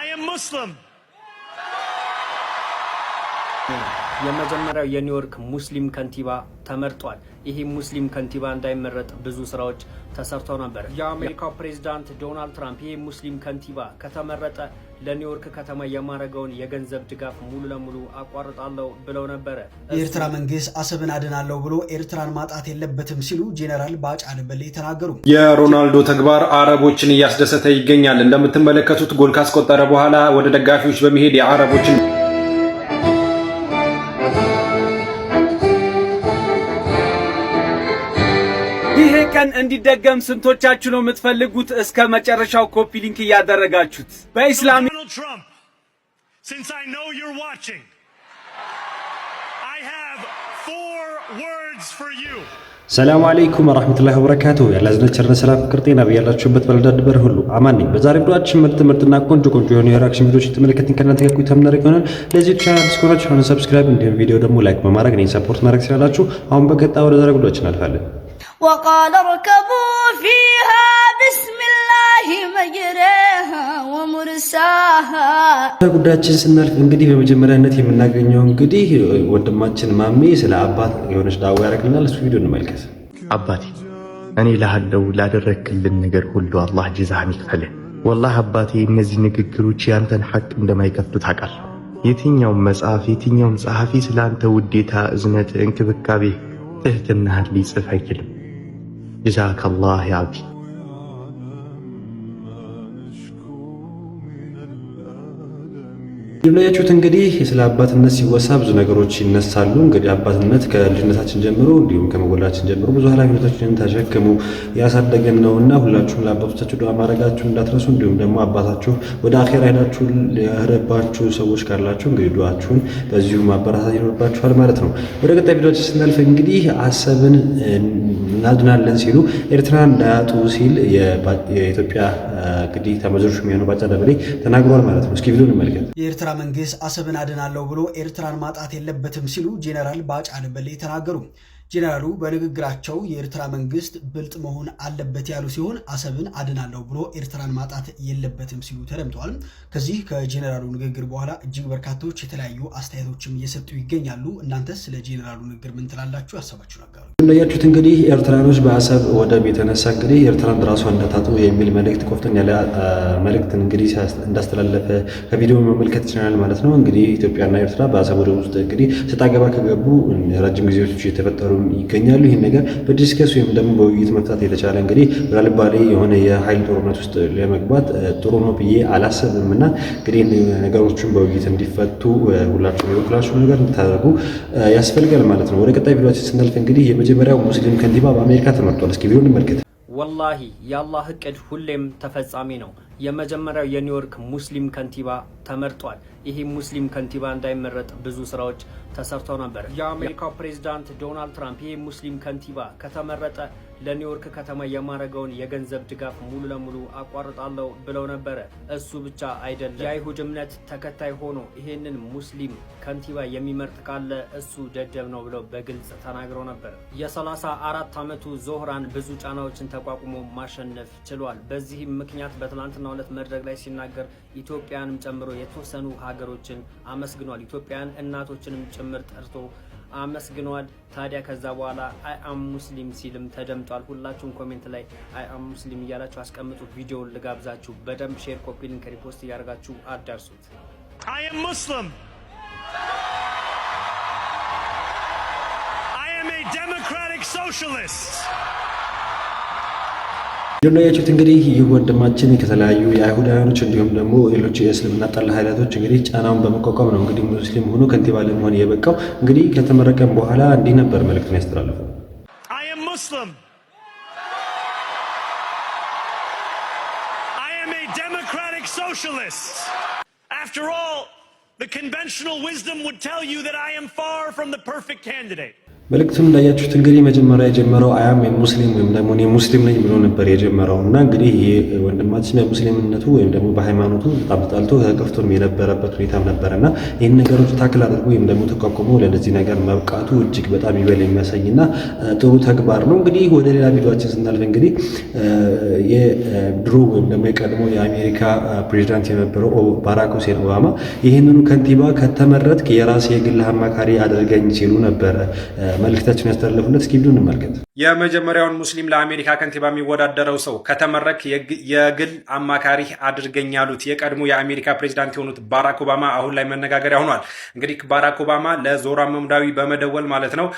I am Muslim. የመጀመሪያው የኒውዮርክ ሙስሊም ከንቲባ ተመርጧል። ይህ ሙስሊም ከንቲባ እንዳይመረጥ ብዙ ስራዎች ተሰርተው ነበር። የአሜሪካው ፕሬዚዳንት ዶናልድ ትራምፕ ይህ ሙስሊም ከንቲባ ከተመረጠ ለኒውዮርክ ከተማ የማደርገውን የገንዘብ ድጋፍ ሙሉ ለሙሉ አቋርጣለሁ ብለው ነበረ። የኤርትራ መንግስት አሰብን አድናለሁ ብሎ ኤርትራን ማጣት የለበትም ሲሉ ጄኔራል ባጫ ደበሌ ተናገሩ። የሮናልዶ ተግባር አረቦችን እያስደሰተ ይገኛል። እንደምትመለከቱት ጎል ካስቆጠረ በኋላ ወደ ደጋፊዎች በመሄድ የአረቦችን ቀን እንዲደገም ስንቶቻችሁ ነው የምትፈልጉት? እስከ መጨረሻው ኮፒ ሊንክ እያደረጋችሁት በኢስላሚ Donald Trump, since I know you're watching, I have four words for you. ሰላም አለይኩም ወራህመቱላሂ ወበረካቱ። ያላዝነች ቸርነ ሰላም ፍቅር ጤና በያላችሁበት በለዳድ በር ሁሉ አማን ነኝ። በዛሬ ቪዲዮአችን ምርጥ ምርጥና ቆንጆ ቆንጆ የሆኑ የሪአክሽን ቪዲዮዎች የተመለከትን ከእናንተ ጋር ቆይታ የምናደርግ ይሆናል። ለዚህ ቻናል ስኮራች ሆነ ሰብስክራይብ፣ እንዲሁም ቪዲዮ ደግሞ ላይክ በማድረግ እኔን ሰፖርት ማድረግ ስላላችሁ አሁን በቀጣይ ወደ ዛሬ ቪዲዮአችን እናልፋለን። ወቃለ ረከቡ ፊሃ ቢስሚላህ ጉዳያችን ስናልፍ እንግዲህ በመጀመሪያነት የምናገኘው እንግዲህ ወንድማችን ማሜ ስለ አባት የሆነች ዳዊ ያደረግልናል። እሱ ቪዲዮ እንመልከት። አባቴ እኔ ላለው ላደረግክልን ነገር ሁሉ አላህ ጅዛህን ይክፈልህ። ወላህ አባቴ እነዚህ ንግግሮች ያንተን ሐቅ እንደማይከፍቱ ታውቃለህ። የትኛውም መጽሐፍ፣ የትኛውም ጸሐፊ ስለ አንተ ውዴታ፣ እዝነት፣ እንክብካቤ፣ ትህትናህን ሊጽፍ አይችልም። ጀዛከላህ ያቢ እንዳያችሁት እንግዲህ ስለ አባትነት ሲወሳ ብዙ ነገሮች ይነሳሉ። እንግዲህ አባትነት ከልጅነታችን ጀምሮ እንዲሁም ከመወላችን ጀምሮ ብዙ ኃላፊነቶችን ተሸክሙ ያሳደገን ነውና ሁላችሁም ለአባቶቻችሁ ዱዓ ማድረጋችሁ እንዳትረሱ። እንዲሁም ደግሞ አባታችሁ ወደ አኼራ ሄዳችሁ ያረባችሁ ሰዎች ካላችሁ እንግዲህ ዱዓችሁን በዚሁ ማበረታት ይኖርባችኋል ማለት ነው። ወደ ቀጣይ ቪዲዮች ስናልፍ እንግዲህ አሰብን እናድናለን ሲሉ ኤርትራ እንዳያጡ ሲል የኢትዮጵያ እንግዲህ ተመዞች የሚሆኑ ባጫ ደበሌ ተናግሯል ማለት ነው። እስኪ ቪዲዮ እንመልከት። የኤርትራ መንግስት አሰብን አድናለሁ ብሎ ኤርትራን ማጣት የለበትም ሲሉ ጄኔራል ባጫ ደበሌ ተናገሩ። ጄኔራሉ በንግግራቸው የኤርትራ መንግስት ብልጥ መሆን አለበት ያሉ ሲሆን አሰብን አድናለሁ ብሎ ኤርትራን ማጣት የለበትም ሲሉ ተደምጠዋል። ከዚህ ከጄኔራሉ ንግግር በኋላ እጅግ በርካቶች የተለያዩ አስተያየቶችም እየሰጡ ይገኛሉ። እናንተ ስለ ጄኔራሉ ንግግር ምን ትላላችሁ? ያሰባችሁ ነገር እንዳያችሁት እንግዲህ ኤርትራኖች በአሰብ ወደብ የተነሳ እንግዲህ ኤርትራን ራሷ እንዳታጡ የሚል መልእክት ቆፍጠን ያለ መልእክት እንግዲህ እንዳስተላለፈ ከቪዲዮ መመልከት ይችላል ማለት ነው። እንግዲህ ኢትዮጵያና ኤርትራ በአሰብ ወደብ ውስጥ እንግዲህ ስታገባ ከገቡ ረጅም ጊዜዎች የተፈጠሩ ይገኛሉ። ይህን ነገር በዲስከስ ወይም ደግሞ በውይይት መፍታት የተቻለ እንግዲህ ምናልባሌ የሆነ የኃይል ጦርነት ውስጥ ለመግባት ጥሩ ነው ብዬ አላሰብም እና እንግዲህ ነገሮችን በውይይት እንዲፈቱ ሁላችሁ የበኩላችሁ ነገር እንድታደርጉ ያስፈልጋል ማለት ነው። ወደ ቀጣይ ቪዲዮችን ስናልፍ እንግዲህ የመጀመሪያው ሙስሊም ከንቲባ በአሜሪካ ተመርጧል። እስኪ ቪዲዮ እንመልከት። ወላሂ የአላህ እቅድ ሁሌም ተፈጻሚ ነው። የመጀመሪያው የኒውዮርክ ሙስሊም ከንቲባ ተመርጧል። ይህ ሙስሊም ከንቲባ እንዳይመረጥ ብዙ ስራዎች ተሰርተው ነበር። የአሜሪካው ፕሬዚዳንት ዶናልድ ትራምፕ ይሄ ሙስሊም ከንቲባ ከተመረጠ ለኒውዮርክ ከተማ የማረገውን የገንዘብ ድጋፍ ሙሉ ለሙሉ አቋርጣለሁ ብለው ነበረ። እሱ ብቻ አይደለም፣ የአይሁድ እምነት ተከታይ ሆኖ ይህንን ሙስሊም ከንቲባ የሚመርጥ ካለ እሱ ደደብ ነው ብለው በግልጽ ተናግረው ነበር። የ34 ዓመቱ ዞህራን ብዙ ጫናዎችን ተቋቁሞ ማሸነፍ ችሏል። በዚህም ምክንያት በትላንትና በትናንትናው ዕለት መድረክ ላይ ሲናገር ኢትዮጵያንም ጨምሮ የተወሰኑ ሀገሮችን አመስግኗል። ኢትዮጵያን እናቶችንም ጭምር ጠርቶ አመስግኗል። ታዲያ ከዛ በኋላ አይ አም ሙስሊም ሲልም ተደምጧል። ሁላችሁም ኮሜንት ላይ አይ አም ሙስሊም እያላችሁ አስቀምጡ። ቪዲዮውን ልጋብዛችሁ በደንብ ሼር፣ ኮፒ ሊንክ፣ ሪፖስት እያደርጋችሁ አዳርሱት። አይ አም ሙስሊም አይ አም ኤ ዴሞክራቲክ ሶሻሊስት የምናያችሁት እንግዲህ ይህ ወንድማችን ከተለያዩ የአይሁዳውያኖች እንዲሁም ደግሞ ሌሎች የእስልምና ጠላ ኃይላቶች እንግዲህ ጫናውን በመቋቋም ነው እንግዲህ ሙስሊም ሆኖ ከንቲባ ለመሆን የበቃው። እንግዲህ ከተመረቀም በኋላ እንዲህ ነበር መልክት ያስተላለፈው። After all, the conventional wisdom would tell you that I am far from መልእክቱን እንዳያችሁት እንግዲህ መጀመሪያ የጀመረው አያም ሙስሊም ወይም ደግሞ እኔ ሙስሊም ነኝ ብሎ ነበር የጀመረው እና እንግዲህ ይህ ወንድማችን በሙስሊምነቱ ወይም ደግሞ በሃይማኖቱ በጣም ተጣልቶ ተከፍቶም የነበረበት ሁኔታም ነበር እና ይህን ነገሮች ታክል አድርጎ ወይም ደግሞ ተቋቁሞ ለነዚህ ነገር መብቃቱ እጅግ በጣም ይበል የሚያሳይና ጥሩ ተግባር ነው። እንግዲህ ወደ ሌላ ቪዲዮችን ስናልፍ እንግዲህ የድሮ ወይም ደግሞ የቀድሞ የአሜሪካ ፕሬዚዳንት የነበረው ባራክ ሁሴን ኦባማ ይህንኑ ከንቲባ ከተመረጥክ የራሴ የግል አማካሪ አድርገኝ ሲሉ ነበረ መልእክታችን ያስተላለፉለት እስኪ ቪዲዮ እንመልከት። የመጀመሪያውን ሙስሊም ለአሜሪካ ከንቲባ የሚወዳደረው ሰው ከተመረክ የግል አማካሪ አድርገኝ ያሉት የቀድሞ የአሜሪካ ፕሬዚዳንት የሆኑት ባራክ ኦባማ አሁን ላይ መነጋገሪያ ሆኗል። እንግዲህ ባራክ ኦባማ ለዞራ መምዳዊ በመደወል ማለት ነው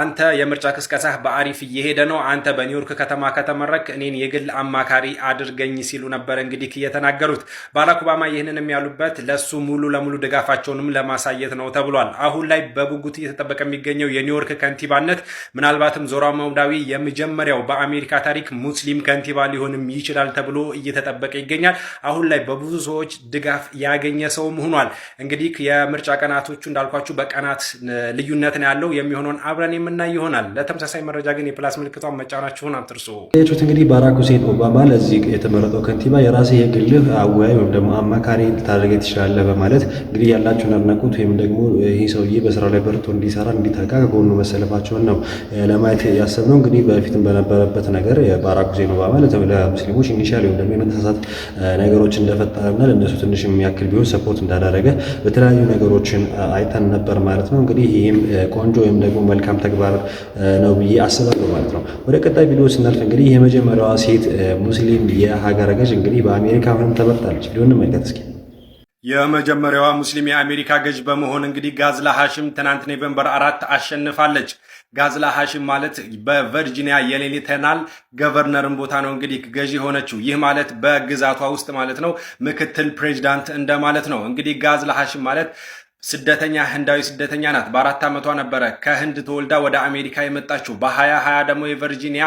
አንተ የምርጫ ቅስቀሳህ በአሪፍ እየሄደ ነው፣ አንተ በኒውዮርክ ከተማ ከተመረክ እኔን የግል አማካሪ አድርገኝ ሲሉ ነበር እንግዲህ እየተናገሩት ባራክ ኦባማ ይህንንም ያሉበት ለሱ ሙሉ ለሙሉ ድጋፋቸውንም ለማሳየት ነው ተብሏል። አሁን ላይ በጉጉት እየተጠበቀ የሚገኘው የኒውዮርክ ከንቲባነት ምናልባትም ዞህራ መውዳዊ የመጀመሪያው በአሜሪካ ታሪክ ሙስሊም ከንቲባ ሊሆንም ይችላል ተብሎ እየተጠበቀ ይገኛል። አሁን ላይ በብዙ ሰዎች ድጋፍ ያገኘ ሰውም ሆኗል። እንግዲህ የምርጫ ቀናቶቹ እንዳልኳችሁ በቀናት ልዩነት ነው ያለው የሚሆነውን አብረን የምናይ ይሆናል። ለተመሳሳይ መረጃ ግን የፕላስ ምልክቷን መጫናችሁን አትርሱ። ያችሁት እንግዲህ ባራክ ሁሴን ኦባማ ለዚህ የተመረጠው ከንቲባ የራሴ የግልህ አወያይ ወይም ደግሞ አማካሪ ልታደርግ ትችላለህ በማለት እንግዲህ ያላቸውን አድናቆት ወይም ደግሞ ይህ ሰውዬ በስራ ላይ በርቶ እንዲሰራ እንዲተጋ ከጎኑ መሰለፋቸውን ነው ለማየት ያሰብነው። እንግዲህ በፊትም በነበረበት ነገር ባራክ ሁሴን ኦባማ ለሙስሊሞች ኢኒሻል ወይም ደግሞ የመተሳሳት ነገሮች እንደፈጠረና ለእነሱ ትንሽ የሚያክል ቢሆን ሰፖርት እንዳደረገ በተለያዩ ነገሮችን አይተን ነበር ማለት ነው። እንግዲህ ይህም ቆንጆ ወይም ደግሞ መልካም ተግባር ነው ብዬ አስባለሁ ማለት ነው። ወደ ቀጣይ ቪዲዮ ስናልፍ እንግዲህ የመጀመሪያዋ ሴት ሙስሊም የሀገረ ገዥ እንግዲህ በአሜሪካ ሆነም ተመርጣለች። ቪዲዮ እንመልከት እስኪ። የመጀመሪያዋ ሙስሊም የአሜሪካ ገዥ በመሆን እንግዲህ ጋዝላ ሐሽም ትናንት ኔቨምበር አራት አሸንፋለች። ጋዝላ ሐሽም ማለት በቨርጂኒያ የሌሊተናል ገቨርነርን ቦታ ነው እንግዲህ ገዢ የሆነችው። ይህ ማለት በግዛቷ ውስጥ ማለት ነው ምክትል ፕሬዚዳንት እንደማለት ነው። እንግዲህ ጋዝላ ሐሽም ማለት ስደተኛ ህንዳዊ ስደተኛ ናት። በአራት ዓመቷ ነበረ ከህንድ ተወልዳ ወደ አሜሪካ የመጣችው። በሀያ ሀያ ደግሞ የቨርጂኒያ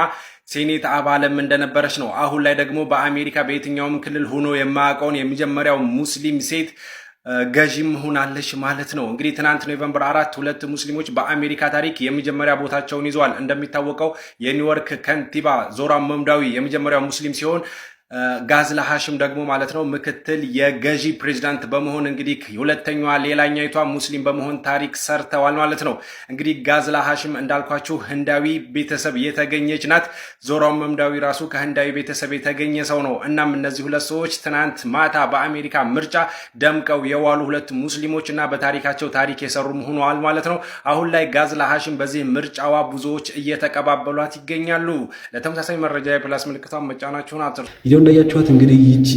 ሴኔት አባልም እንደነበረች ነው። አሁን ላይ ደግሞ በአሜሪካ በየትኛውም ክልል ሆኖ የማያውቀውን የመጀመሪያው ሙስሊም ሴት ገዥም ሆናለች ማለት ነው። እንግዲህ ትናንት ኖቨምበር አራት ሁለት ሙስሊሞች በአሜሪካ ታሪክ የመጀመሪያ ቦታቸውን ይዘዋል። እንደሚታወቀው የኒውዮርክ ከንቲባ ዞራ መምዳዊ የመጀመሪያው ሙስሊም ሲሆን ጋዝ ለሃሽም ደግሞ ማለት ነው ምክትል የገዢ ፕሬዚዳንት በመሆን እንግዲህ ሁለተኛዋ ሌላኛይቷ ሙስሊም በመሆን ታሪክ ሰርተዋል ማለት ነው። እንግዲህ ጋዝ ለሃሽም እንዳልኳችሁ ህንዳዊ ቤተሰብ የተገኘች ናት። ዞራውም መምዳዊ ራሱ ከህንዳዊ ቤተሰብ የተገኘ ሰው ነው። እናም እነዚህ ሁለት ሰዎች ትናንት ማታ በአሜሪካ ምርጫ ደምቀው የዋሉ ሁለት ሙስሊሞች እና በታሪካቸው ታሪክ የሰሩ ሆነዋል ማለት ነው። አሁን ላይ ጋዝ ለሃሽም በዚህ ምርጫዋ ብዙዎች እየተቀባበሏት ይገኛሉ። ለተመሳሳይ መረጃ የፕላስ ምልክቷን መጫናችሁን አትርሱ። እንዳያችኋት እንግዲህ ይች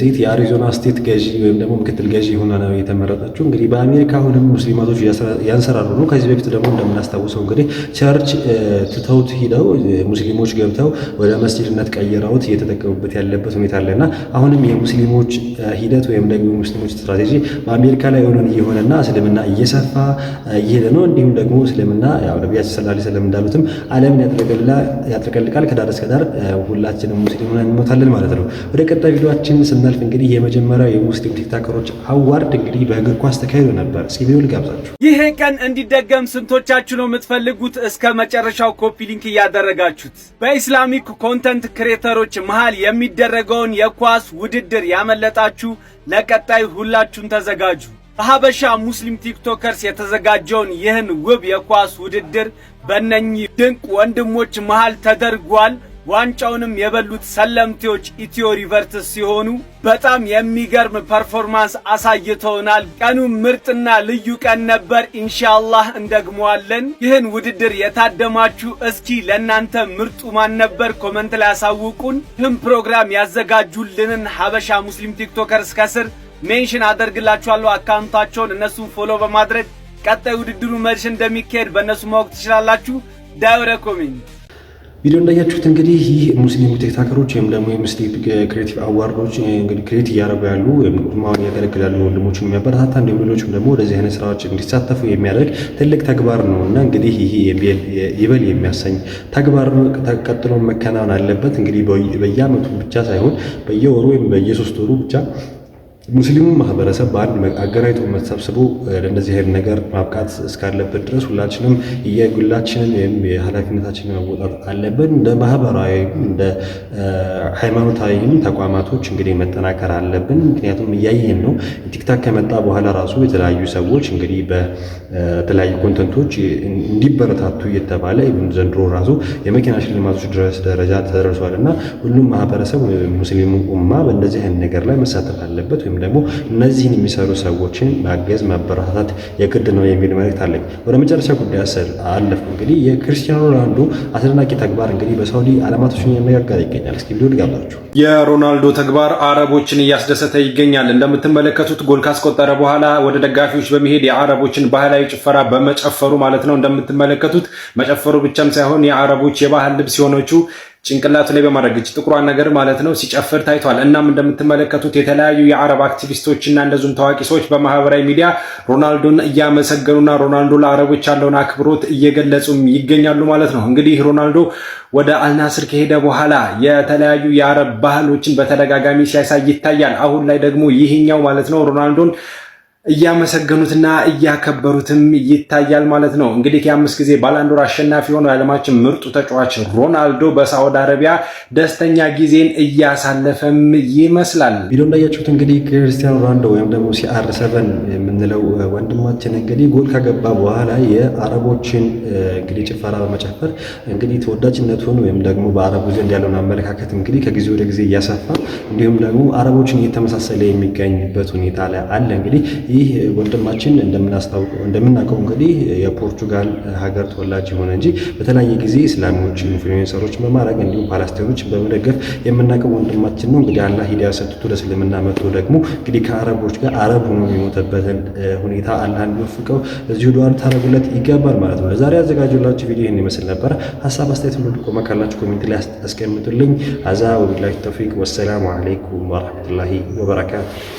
ሴት የአሪዞና ስቴት ገዢ ወይም ደግሞ ምክትል ገዢ ሆና ነው የተመረጠችው። እንግዲህ በአሜሪካ አሁንም ሙስሊማቶች ያንሰራሩ ነው። ከዚህ በፊት ደግሞ እንደምናስታውሰው እንግዲህ ቸርች ትተውት ሂደው ሙስሊሞች ገብተው ወደ መስጅድነት ቀይረውት እየተጠቀሙበት ያለበት ሁኔታ አለና አሁንም የሙስሊሞች ሂደት ወይም ደግሞ ሙስሊሞች ስትራቴጂ በአሜሪካ ላይ ሆነን እየሆነና እስልምና እየሰፋ እየሄደ ነው። እንዲሁም ደግሞ እስልምና ያው ነቢያችን ሰለላሁ ዐለይሂ ወሰለም እንዳሉትም አለምን ያጥለቀልቃል ከዳር እስከ ዳር ሁላችንም ሙስሊም ሆነን እንሞታለን ማለት ነው። ማለት ነው። ወደ ቀጣይ ቪዲዮችን ስናልፍ እንግዲህ የመጀመሪያው የሙስሊም ቲክታከሮች አዋርድ እንግዲህ በእግር ኳስ ተካሂዶ ነበር። እስኪ ቪዲዮ ልጋብዛችሁ። ይሄ ቀን እንዲደገም ስንቶቻችሁ ነው የምትፈልጉት? እስከ መጨረሻው ኮፒ ሊንክ እያደረጋችሁት በኢስላሚክ ኮንተንት ክሬተሮች መሃል የሚደረገውን የኳስ ውድድር ያመለጣችሁ ለቀጣይ ሁላችሁን ተዘጋጁ። በሀበሻ ሙስሊም ቲክቶከርስ የተዘጋጀውን ይህን ውብ የኳስ ውድድር በእነኚህ ድንቅ ወንድሞች መሃል ተደርጓል። ዋንጫውንም የበሉት ሰለምቴዎች ኢትዮ ሪቨርትስ ሲሆኑ በጣም የሚገርም ፐርፎርማንስ አሳይተውናል። ቀኑ ምርጥና ልዩ ቀን ነበር። ኢንሻአላህ እንደግመዋለን። ይህን ውድድር የታደማችሁ እስኪ ለእናንተ ምርጡ ማን ነበር? ኮመንት ላይ ያሳውቁን። ይህም ፕሮግራም ያዘጋጁልንን ሀበሻ ሙስሊም ቲክቶከርስ ከስር ሜንሽን አደርግላችኋለሁ አካውንታቸውን። እነሱን ፎሎ በማድረግ ቀጣይ ውድድሩ መልሽ እንደሚካሄድ በእነሱ ማወቅ ትችላላችሁ። ዳይረ ኮሜንት ቪዲዮ እንዳያችሁት እንግዲህ ይህ ሙስሊም ቴክ ወይም ደግሞ የሙስሊም ክሬቲቭ አዋርዶች እንግዲህ ክሬት እያደረጉ ያሉ ወይም ሁማውን ያገለግላሉ ወንድሞችን የሚያበረታታ እንዲሁም ሌሎችም ደግሞ ወደዚህ አይነት ስራዎች እንዲሳተፉ የሚያደርግ ትልቅ ተግባር ነው እና እንግዲህ ይህ ይበል የሚያሰኝ ተግባር ተቀጥሎ መከናወን አለበት። እንግዲህ በየአመቱ ብቻ ሳይሆን በየወሩ ወይም በየሶስት ወሩ ብቻ ሙስሊሙ ማህበረሰብ በአንድ አገናኝቶ መሰብስቦ ለእንደዚህ አይነት ነገር ማብቃት እስካለበት ድረስ ሁላችንም የግላችንን ወይም የኃላፊነታችንን መወጣት አለብን። እንደ ማህበራዊ እንደ ሃይማኖታዊ ተቋማቶች እንግዲህ መጠናከር አለብን። ምክንያቱም እያየን ነው። ቲክታክ ከመጣ በኋላ ራሱ የተለያዩ ሰዎች እንግዲህ በተለያዩ ኮንተንቶች እንዲበረታቱ እየተባለ ዘንድሮ ራሱ የመኪና ሽልማቶች ድረስ ደረጃ ተደርሷል እና ሁሉም ማህበረሰብ ሙስሊሙ ኡማ በእንደዚህ አይነት ነገር ላይ መሳተፍ አለበት ወይም ደግሞ እነዚህን የሚሰሩ ሰዎችን ማገዝ ማበረታታት የግድ ነው የሚል መልእክት አለኝ። ወደ መጨረሻ ጉዳይ አለፍ እንግዲህ የክርስቲያኖ ሮናልዶ አስደናቂ ተግባር እንግዲህ በሳውዲ አለማቶችን የሚያጋር ይገኛል። እስኪ ቪዲዮ ልጋብዛችሁ። የሮናልዶ ተግባር አረቦችን እያስደሰተ ይገኛል። እንደምትመለከቱት ጎል ካስቆጠረ በኋላ ወደ ደጋፊዎች በመሄድ የአረቦችን ባህላዊ ጭፈራ በመጨፈሩ ማለት ነው። እንደምትመለከቱት መጨፈሩ ብቻም ሳይሆን የአረቦች የባህል ልብስ የሆነችው ጭንቅላቱ ላይ በማድረግ እጅ ጥቁሯን ነገር ማለት ነው ሲጨፍር ታይቷል። እናም እንደምትመለከቱት የተለያዩ የአረብ አክቲቪስቶችና እንደዚሁም ታዋቂ ሰዎች በማህበራዊ ሚዲያ ሮናልዶን እያመሰገኑና ሮናልዶ ለአረቦች ያለውን አክብሮት እየገለጹም ይገኛሉ ማለት ነው። እንግዲህ ሮናልዶ ወደ አልናስር ከሄደ በኋላ የተለያዩ የአረብ ባህሎችን በተደጋጋሚ ሲያሳይ ይታያል። አሁን ላይ ደግሞ ይህኛው ማለት ነው ሮናልዶን እያመሰገኑትና እያከበሩትም ይታያል ማለት ነው። እንግዲህ የአምስት ጊዜ ባላንዶር አሸናፊ የሆነው የዓለማችን ምርጡ ተጫዋች ሮናልዶ በሳዑዲ አረቢያ ደስተኛ ጊዜን እያሳለፈም ይመስላል። ቪዲዮ እንዳያችሁት እንግዲህ ክርስቲያኖ ሮናልዶ ወይም ደግሞ ሲአር ሰቨን የምንለው ወንድማችን እንግዲህ ጎል ከገባ በኋላ የአረቦችን እንግዲህ ጭፈራ በመጨፈር እንግዲህ ተወዳጅነቱን ወይም ደግሞ በአረቡ ዘንድ ያለውን አመለካከት እንግዲህ ከጊዜ ወደ ጊዜ እያሰፋ እንዲሁም ደግሞ አረቦችን እየተመሳሰለ የሚገኝበት ሁኔታ ላይ አለ እንግዲህ እንግዲህ ወንድማችን እንደምናስታውቀው እንደምናውቀው እንግዲህ የፖርቹጋል ሀገር ተወላጅ የሆነ እንጂ በተለያየ ጊዜ እስላሚዎች ኢንፍሉዌንሰሮች በማድረግ እንዲሁም ፓላስቲኖች በመደገፍ የምናውቀው ወንድማችን ነው። እንግዲህ አላህ ሂዳያ ሰጥቶ ለእስልምና መጥቶ ደግሞ እንግዲህ ከአረቦች ጋር አረብ ሆኖ የሞተበትን ሁኔታ አላህ እንዲወፍቀው እዚሁ ዱዓ ታደርጉለት ይገባል ማለት ነው። ለዛሬ ያዘጋጀላችሁ ቪዲዮ ይህን ይመስል ነበረ። ሀሳብ አስተያየት ሁሉ ቆመ ካላችሁ ኮሜንት ላይ አስቀምጡልኝ። አዛ ወቢላሂ ተውፊቅ ወሰላሙ አለይኩም ወረሕመቱላሂ ወበረካቱ